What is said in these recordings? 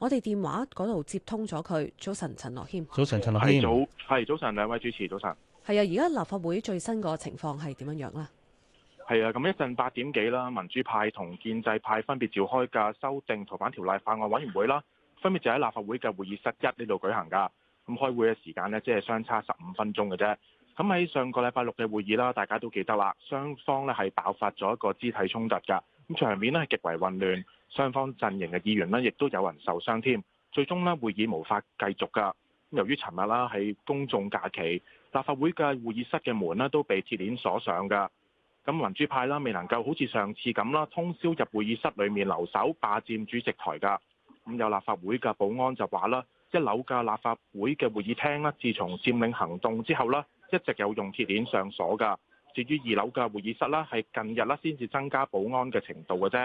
我哋電話嗰度接通咗佢，早晨，陳樂謙。早晨，陳樂謙。早，係早晨，兩位主持，早晨。係啊，而家立法會最新個情況係點樣樣咧？係啊，咁一陣八點幾啦，民主派同建制派分別召開嘅修訂逃犯條例法案委員會啦，分別就喺立法會嘅會議室一呢度舉行噶。咁開會嘅時間呢，即係相差十五分鐘嘅啫。咁喺上個禮拜六嘅會議啦，大家都記得啦，雙方呢係爆發咗一個肢體衝突噶。場面呢，係極為混亂，雙方陣營嘅議員呢，亦都有人受傷添。最終呢，會議無法繼續噶。由於尋日啦，喺公眾假期，立法會嘅會議室嘅門呢，都被鐵鏈鎖上噶。咁民主派啦，未能夠好似上次咁啦，通宵入會議室裡面留守，霸佔主席台噶。咁有立法會嘅保安就話啦，一樓嘅立法會嘅會議廳呢，自從佔領行動之後啦，一直有用鐵鏈上鎖噶。至於二樓嘅會議室啦，係近日啦先至增加保安嘅程度嘅啫。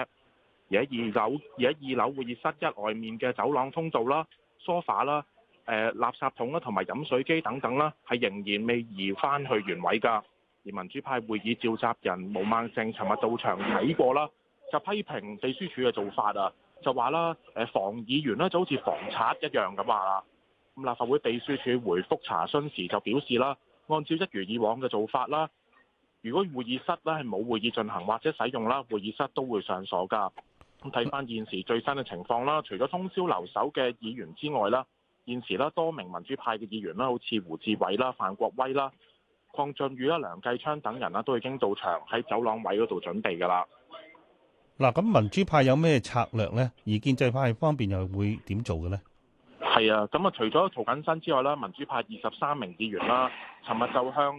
而喺二樓，而喺二樓會議室一外面嘅走廊通道啦、梳化啦、誒、呃、垃圾桶啦同埋飲水機等等啦，係仍然未移翻去原位噶。而民主派會議召集人毛孟靜尋日到場睇過啦，就批評秘書處嘅做法啊，就話啦，誒防議員呢就好似防賊一樣咁啊。咁立法會秘書處回覆查詢時就表示啦，按照一如以往嘅做法啦。如果會議室咧係冇會議進行或者使用啦，會議室都會上鎖㗎。咁睇翻現時最新嘅情況啦，除咗通宵留守嘅議員之外啦，現時啦多名民主派嘅議員啦，好似胡志偉啦、范國威啦、鄺俊宇啦、梁繼昌等人啦，都已經到場喺走廊位嗰度準備㗎啦。嗱，咁民主派有咩策略咧？而建制派方面又會點做嘅呢？係啊，咁啊，除咗曹緊新之外啦，民主派二十三名議員啦，尋日就向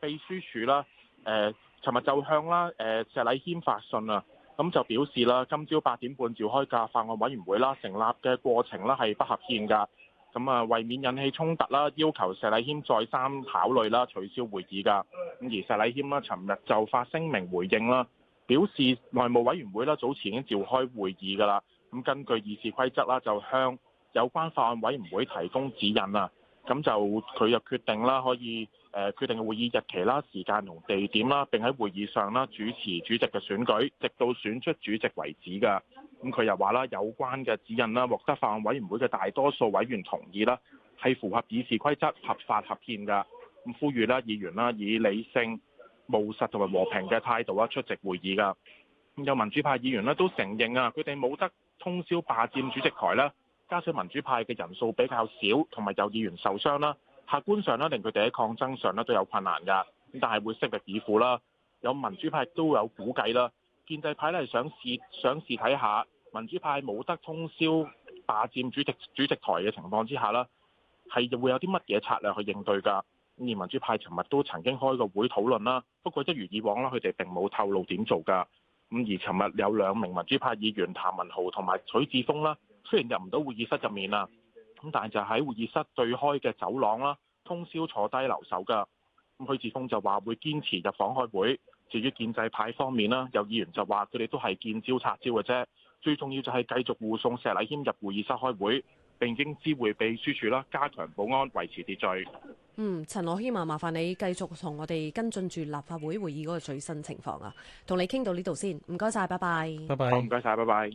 秘書處啦。誒，尋日就向啦，誒，石禮謙發信啊，咁就表示啦，今朝八點半召開嘅法案委員會啦，成立嘅過程啦係不合憲噶，咁啊，為免引起衝突啦，要求石禮謙再三考慮啦，取消會議噶。咁而石禮謙啦，尋日就發聲明回應啦，表示內務委員會啦，早前已經召開會議噶啦，咁根據議事規則啦，就向有關法案委員會提供指引啊，咁就佢就決定啦，可以。誒決定嘅會議日期啦、時間同地點啦，並喺會議上啦主持主席嘅選舉，直到選出主席為止嘅。咁佢又話啦，有關嘅指引啦，獲得法案委員會嘅大多數委員同意啦，係符合議事規則、合法合憲嘅。咁呼籲啦，議員啦以理性、務實同埋和平嘅態度啊出席會議噶。有民主派議員咧都承認啊，佢哋冇得通宵霸佔主席台咧，加上民主派嘅人數比較少，同埋有議員受傷啦。客觀上咧，令佢哋喺抗爭上咧都有困難㗎，咁但係會盡力以赴啦。有民主派都會有估計啦，建制派呢，係想試想試睇下民主派冇得通宵霸佔主席主席台嘅情況之下呢係會有啲乜嘢策略去應對㗎。而民主派尋日都曾經開過會討論啦，不過一如以往啦，佢哋並冇透露點做㗎。咁而尋日有兩名民主派議員譚文豪同埋許智峯啦，雖然入唔到會議室入面啊，但就喺會議室對開嘅走廊啦，通宵坐低留守噶。咁許智峯就話會堅持入房開會。至於建制派方面啦，有議員就話佢哋都係見招拆招嘅啫。最重要就係繼續護送石禮謙入會議室開會，並經知會秘書處啦，加強保安維持秩序。嗯，陳樂謙啊，麻煩你繼續同我哋跟進住立法會會議嗰個最新情況啊。同你傾到呢度先，唔該晒，拜拜。拜拜。好，唔該晒，拜拜。